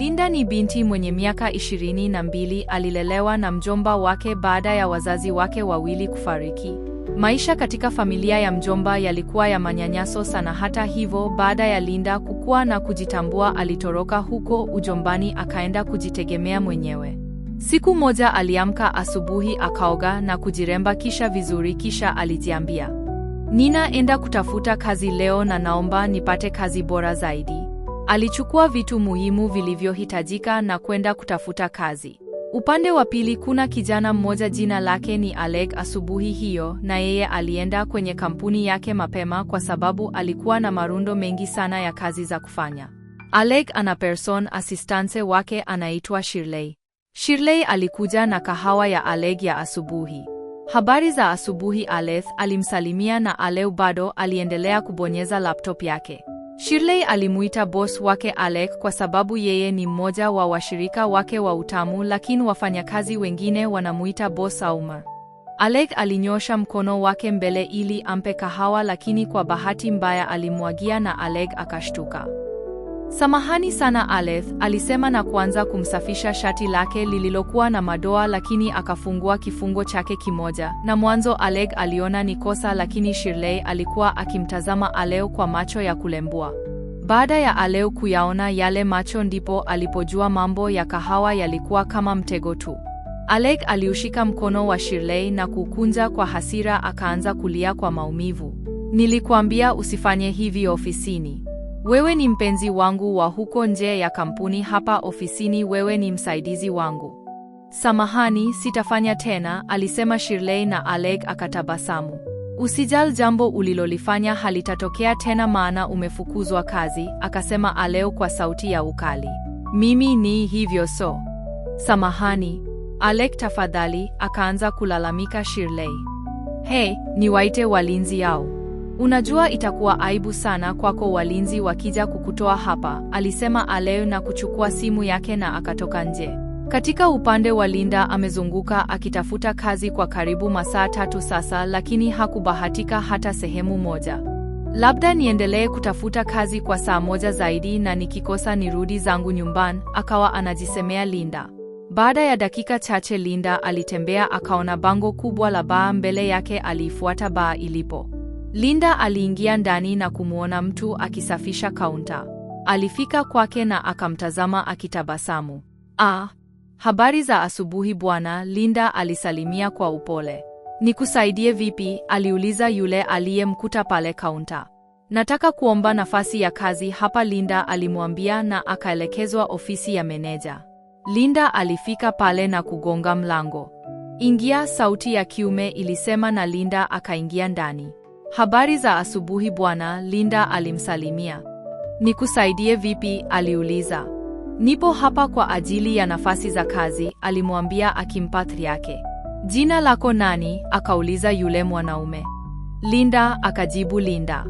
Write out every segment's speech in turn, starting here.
Linda ni binti mwenye miaka ishirini na mbili, alilelewa na mjomba wake baada ya wazazi wake wawili kufariki. Maisha katika familia ya mjomba yalikuwa ya manyanyaso sana. Hata hivyo, baada ya Linda kukua na kujitambua, alitoroka huko ujombani akaenda kujitegemea mwenyewe. Siku moja aliamka asubuhi, akaoga na kujiremba kisha vizuri, kisha alijiambia, ninaenda kutafuta kazi leo na naomba nipate kazi bora zaidi. Alichukua vitu muhimu vilivyohitajika na kwenda kutafuta kazi. Upande wa pili kuna kijana mmoja jina lake ni Alec. Asubuhi hiyo na yeye alienda kwenye kampuni yake mapema kwa sababu alikuwa na marundo mengi sana ya kazi za kufanya. Alec ana person assistance wake anaitwa Shirley. Shirley alikuja na kahawa ya Alec ya asubuhi. Habari za asubuhi, Alec alimsalimia na Alec bado aliendelea kubonyeza laptop yake. Shirley alimuita boss wake Alec kwa sababu yeye ni mmoja wa washirika wake wa utamu, lakini wafanyakazi wengine wanamuita boss Auma. Alec alinyosha mkono wake mbele ili ampe kahawa, lakini kwa bahati mbaya alimwagia na Alec akashtuka. Samahani sana Aleth, alisema na kuanza kumsafisha shati lake lililokuwa na madoa lakini akafungua kifungo chake kimoja. Na mwanzo aleg aliona ni kosa lakini Shirley alikuwa akimtazama Aleo kwa macho ya kulembua. Baada ya Aleo kuyaona yale macho ndipo alipojua mambo ya kahawa yalikuwa kama mtego tu. aleg aliushika mkono wa Shirley na kukunja kwa hasira akaanza kulia kwa maumivu. Nilikuambia usifanye hivi ofisini. Wewe ni mpenzi wangu wa huko nje ya kampuni, hapa ofisini wewe ni msaidizi wangu. Samahani, sitafanya tena, alisema Shirley na Alec akatabasamu. Usijali, jambo ulilolifanya halitatokea tena maana umefukuzwa kazi, akasema Aleo kwa sauti ya ukali. Mimi ni hivyo so. Samahani. Alec tafadhali, akaanza kulalamika Shirley. Hey, niwaite walinzi yao. Unajua itakuwa aibu sana kwako walinzi wakija kukutoa hapa, alisema Aleu na kuchukua simu yake na akatoka nje. Katika upande wa Linda amezunguka akitafuta kazi kwa karibu masaa tatu sasa, lakini hakubahatika hata sehemu moja. Labda niendelee kutafuta kazi kwa saa moja zaidi na nikikosa nirudi zangu nyumbani, akawa anajisemea Linda. Baada ya dakika chache Linda alitembea akaona bango kubwa la baa mbele yake, aliifuata baa ilipo. Linda aliingia ndani na kumwona mtu akisafisha kaunta. Alifika kwake na akamtazama akitabasamu. Ah, habari za asubuhi bwana, Linda alisalimia kwa upole. Nikusaidie vipi? aliuliza yule aliyemkuta pale kaunta. Nataka kuomba nafasi ya kazi hapa, Linda alimwambia na akaelekezwa ofisi ya meneja. Linda alifika pale na kugonga mlango. Ingia, sauti ya kiume ilisema na Linda akaingia ndani. Habari za asubuhi bwana, Linda alimsalimia. Nikusaidie vipi? aliuliza. Nipo hapa kwa ajili ya nafasi za kazi, alimwambia akimpatri yake. Jina lako nani? akauliza yule mwanaume. Linda akajibu Linda.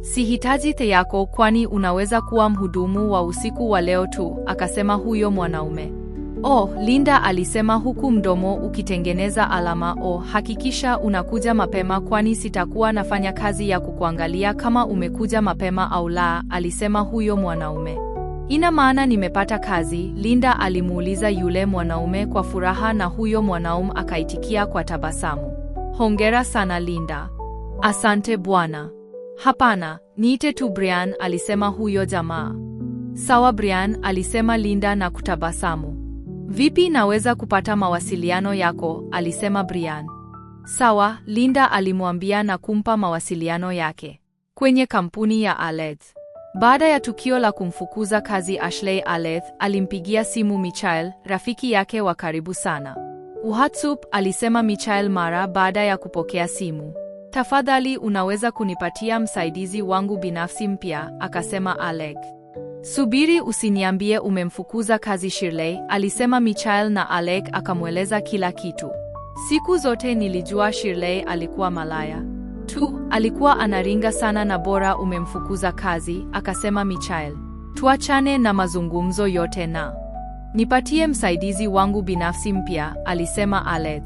Sihitaji te yako kwani unaweza kuwa mhudumu wa usiku wa leo tu, akasema huyo mwanaume. Oh, Linda alisema huku mdomo ukitengeneza alama O. Hakikisha unakuja mapema kwani sitakuwa nafanya kazi ya kukuangalia kama umekuja mapema au la, alisema huyo mwanaume. Ina maana nimepata kazi? Linda alimuuliza yule mwanaume kwa furaha na huyo mwanaume akaitikia kwa tabasamu. Hongera sana Linda. Asante bwana. Hapana, niite tu Brian, alisema huyo jamaa. Sawa Brian, alisema Linda na kutabasamu. Vipi naweza kupata mawasiliano yako? alisema Brian. Sawa, Linda alimwambia na kumpa mawasiliano yake kwenye kampuni ya Aleth. Baada ya tukio la kumfukuza kazi Ashley, Aleth alimpigia simu Michael, rafiki yake wa karibu sana. Uhatsup, alisema Michael mara baada ya kupokea simu. Tafadhali, unaweza kunipatia msaidizi wangu binafsi mpya, akasema Aleth. Subiri usiniambie umemfukuza kazi Shirley, alisema Michael na Alec akamweleza kila kitu. Siku zote nilijua Shirley alikuwa malaya tu, alikuwa anaringa sana na bora umemfukuza kazi, akasema Michael. Tuachane na mazungumzo yote na nipatie msaidizi wangu binafsi mpya, alisema Alec.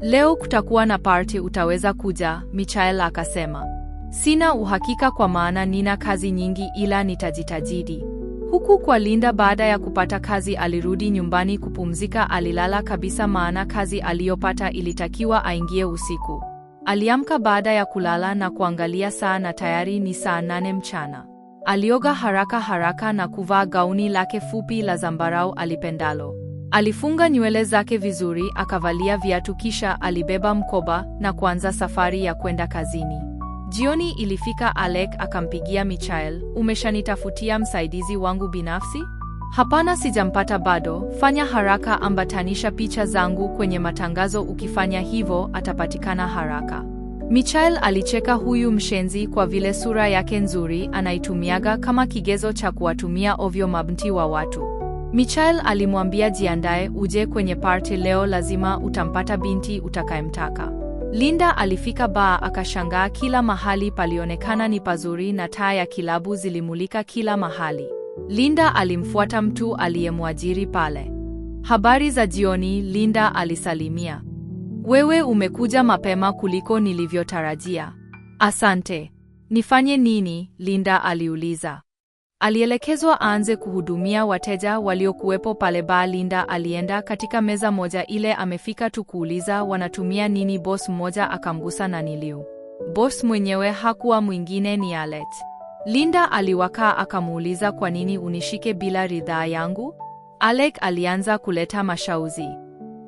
Leo kutakuwa na party, utaweza kuja? Michael akasema. Sina uhakika kwa maana nina kazi nyingi ila nitajitajidi. Huku kwa Linda baada ya kupata kazi alirudi nyumbani kupumzika, alilala kabisa maana kazi aliyopata ilitakiwa aingie usiku. Aliamka baada ya kulala na kuangalia saa na tayari ni saa nane mchana. Alioga haraka haraka na kuvaa gauni lake fupi la zambarau alipendalo. Alifunga nywele zake vizuri, akavalia viatu kisha alibeba mkoba na kuanza safari ya kwenda kazini. Jioni ilifika, Alec akampigia Michael, umeshanitafutia msaidizi wangu binafsi? Hapana, sijampata bado. Fanya haraka, ambatanisha picha zangu kwenye matangazo. Ukifanya hivyo atapatikana haraka. Michael alicheka huyu mshenzi kwa vile sura yake nzuri anaitumiaga kama kigezo cha kuwatumia ovyo mabinti wa watu. Michael alimwambia jiandae, uje kwenye party leo, lazima utampata binti utakayemtaka. Linda alifika baa akashangaa, kila mahali palionekana ni pazuri na taa ya kilabu zilimulika kila mahali. Linda alimfuata mtu aliyemwajiri pale. Habari za jioni, Linda alisalimia. Wewe umekuja mapema kuliko nilivyotarajia. Asante. Nifanye nini? Linda aliuliza. Alielekezwa aanze kuhudumia wateja waliokuwepo pale baa. Linda alienda katika meza moja ile, amefika tu kuuliza wanatumia nini, boss mmoja akamgusa na niliu. Boss mwenyewe hakuwa mwingine ni Alet. Linda aliwakaa akamuuliza kwa nini unishike bila ridhaa yangu? Alec alianza kuleta mashauzi.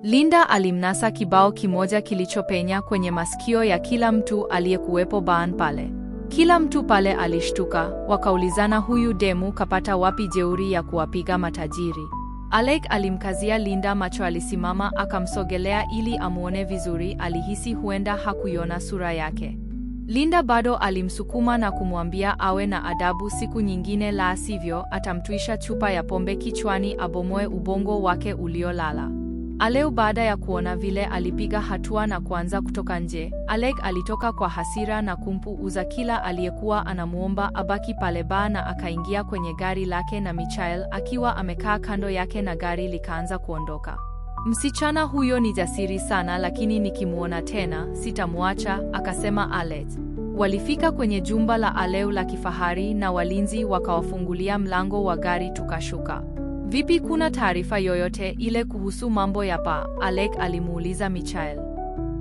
Linda alimnasa kibao kimoja kilichopenya kwenye masikio ya kila mtu aliyekuwepo baan pale. Kila mtu pale alishtuka, wakaulizana huyu demu kapata wapi jeuri ya kuwapiga matajiri. Alec alimkazia Linda macho, alisimama akamsogelea ili amuone vizuri, alihisi huenda hakuiona sura yake. Linda bado alimsukuma na kumwambia awe na adabu siku nyingine, la sivyo atamtwisha chupa ya pombe kichwani abomoe ubongo wake uliolala. Aleu baada ya kuona vile alipiga hatua na kuanza kutoka nje, Alec alitoka kwa hasira na kumpuuza kila aliyekuwa anamuomba abaki pale baa na akaingia kwenye gari lake na Michael akiwa amekaa kando yake na gari likaanza kuondoka. Msichana huyo ni jasiri sana lakini nikimuona tena sitamwacha, akasema Alec. Walifika kwenye jumba la Aleu la kifahari na walinzi wakawafungulia mlango wa gari tukashuka. Vipi, kuna taarifa yoyote ile kuhusu mambo ya Pa? Alec alimuuliza Michael.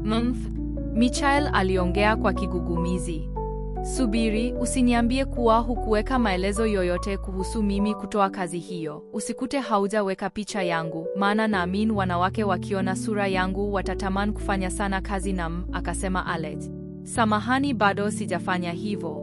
Mmph, Michael aliongea kwa kigugumizi. Subiri, usiniambie kuwa hukuweka maelezo yoyote kuhusu mimi kutoa kazi hiyo. Usikute haujaweka picha yangu, maana naamini wanawake wakiona sura yangu watatamani kufanya sana kazi nam, akasema Alec. Samahani, bado sijafanya hivyo,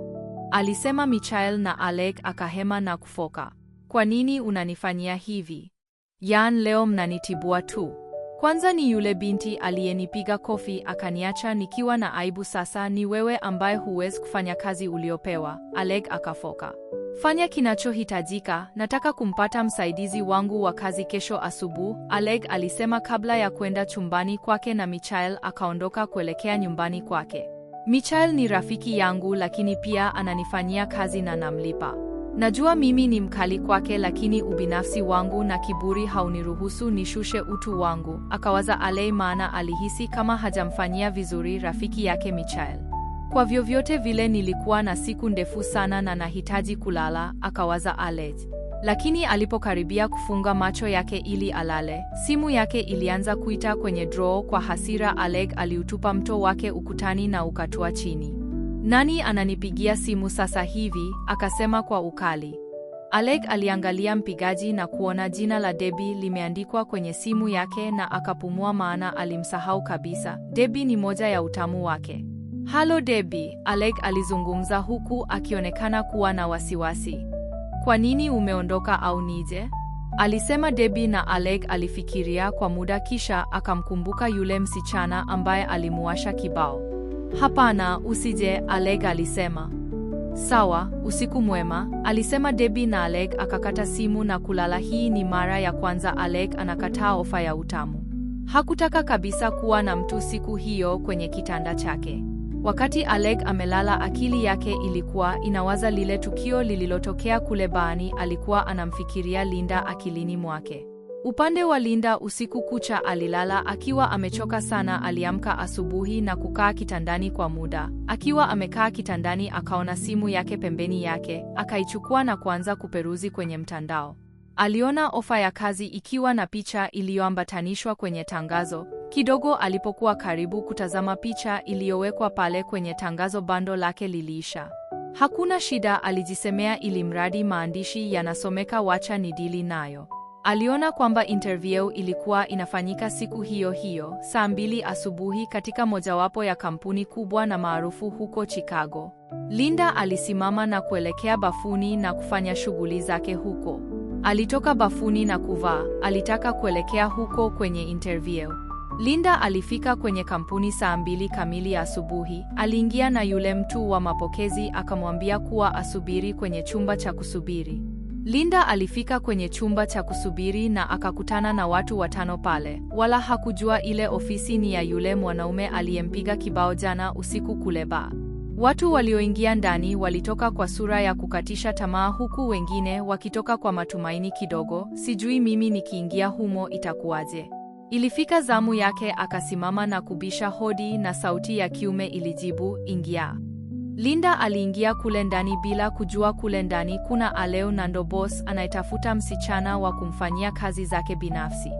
alisema Michael na Alec akahema na kufoka. Kwa nini unanifanyia hivi? Yan, leo mnanitibua tu. Kwanza ni yule binti aliyenipiga kofi akaniacha nikiwa na aibu. Sasa ni wewe ambaye huwezi kufanya kazi uliopewa. aleg akafoka. Fanya kinachohitajika, nataka kumpata msaidizi wangu wa kazi kesho asubuhi, aleg alisema kabla ya kwenda chumbani kwake, na Michael akaondoka kuelekea nyumbani kwake. Michael ni rafiki yangu, lakini pia ananifanyia kazi na namlipa. Najua mimi ni mkali kwake, lakini ubinafsi wangu na kiburi hauniruhusu nishushe utu wangu, akawaza Alei, maana alihisi kama hajamfanyia vizuri rafiki yake Michael. Kwa vyovyote vile nilikuwa na siku ndefu sana na nahitaji kulala, akawaza Alej. Lakini alipokaribia kufunga macho yake ili alale, simu yake ilianza kuita kwenye draw. Kwa hasira, Alej aliutupa mto wake ukutani na ukatua chini. Nani ananipigia simu sasa hivi? akasema kwa ukali. Alec aliangalia mpigaji na kuona jina la Debbie limeandikwa kwenye simu yake na akapumua, maana alimsahau kabisa. Debbie ni moja ya utamu wake. Halo Debbie, Alec alizungumza huku akionekana kuwa na wasiwasi. Kwa nini umeondoka au nije? Alisema Debbie na Alec alifikiria kwa muda kisha akamkumbuka yule msichana ambaye alimuwasha kibao. Hapana, usije, Alec alisema. Sawa, usiku mwema, alisema debi na Alec akakata simu na kulala. Hii ni mara ya kwanza Alec anakataa ofa ya utamu. Hakutaka kabisa kuwa na mtu siku hiyo kwenye kitanda chake. Wakati Alec amelala, akili yake ilikuwa inawaza lile tukio lililotokea kule baani. Alikuwa anamfikiria Linda akilini mwake. Upande wa Linda usiku kucha alilala akiwa amechoka sana. Aliamka asubuhi na kukaa kitandani kwa muda. Akiwa amekaa kitandani, akaona simu yake pembeni yake, akaichukua na kuanza kuperuzi kwenye mtandao. Aliona ofa ya kazi ikiwa na picha iliyoambatanishwa kwenye tangazo. Kidogo alipokuwa karibu kutazama picha iliyowekwa pale kwenye tangazo, bando lake liliisha. Hakuna shida, alijisemea, ili mradi maandishi yanasomeka, wacha ni dili nayo. Aliona kwamba interview ilikuwa inafanyika siku hiyo hiyo, saa mbili asubuhi katika mojawapo ya kampuni kubwa na maarufu huko Chicago. Linda alisimama na kuelekea bafuni na kufanya shughuli zake huko. Alitoka bafuni na kuvaa, alitaka kuelekea huko kwenye interview. Linda alifika kwenye kampuni saa mbili kamili ya asubuhi. Aliingia na yule mtu wa mapokezi akamwambia kuwa asubiri kwenye chumba cha kusubiri. Linda alifika kwenye chumba cha kusubiri na akakutana na watu watano pale. Wala hakujua ile ofisi ni ya yule mwanaume aliyempiga kibao jana usiku kule baa. Watu walioingia ndani walitoka kwa sura ya kukatisha tamaa huku wengine wakitoka kwa matumaini kidogo, sijui mimi nikiingia humo itakuwaje. Ilifika zamu yake akasimama na kubisha hodi na sauti ya kiume ilijibu, ingia. Linda aliingia kule ndani bila kujua kule ndani kuna Aleo Nandobos anayetafuta msichana wa kumfanyia kazi zake binafsi.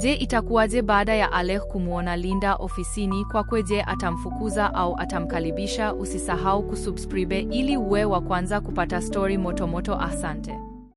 Je, itakuwaje baada ya Aleh kumwona Linda ofisini kwakwe? Je, atamfukuza au atamkaribisha? Usisahau kusubscribe ili uwe wa kwanza kupata stori motomoto. Asante.